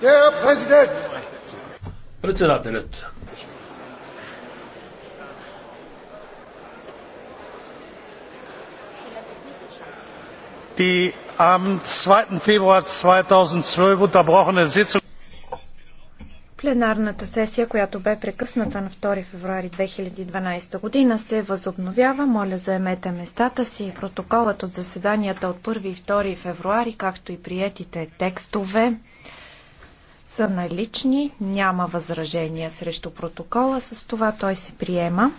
Председателят. Die am 2. 2012 unterbrochene Sitzung Пленарната сесия, която бе прекъсната на 2 февруари 2012 година, се възобновява. Моля, заемете местата си. Протоколът от заседанията от 1 и 2 февруари, както и приетите текстове, са налични, няма възражения срещу протокола, с това той се приема.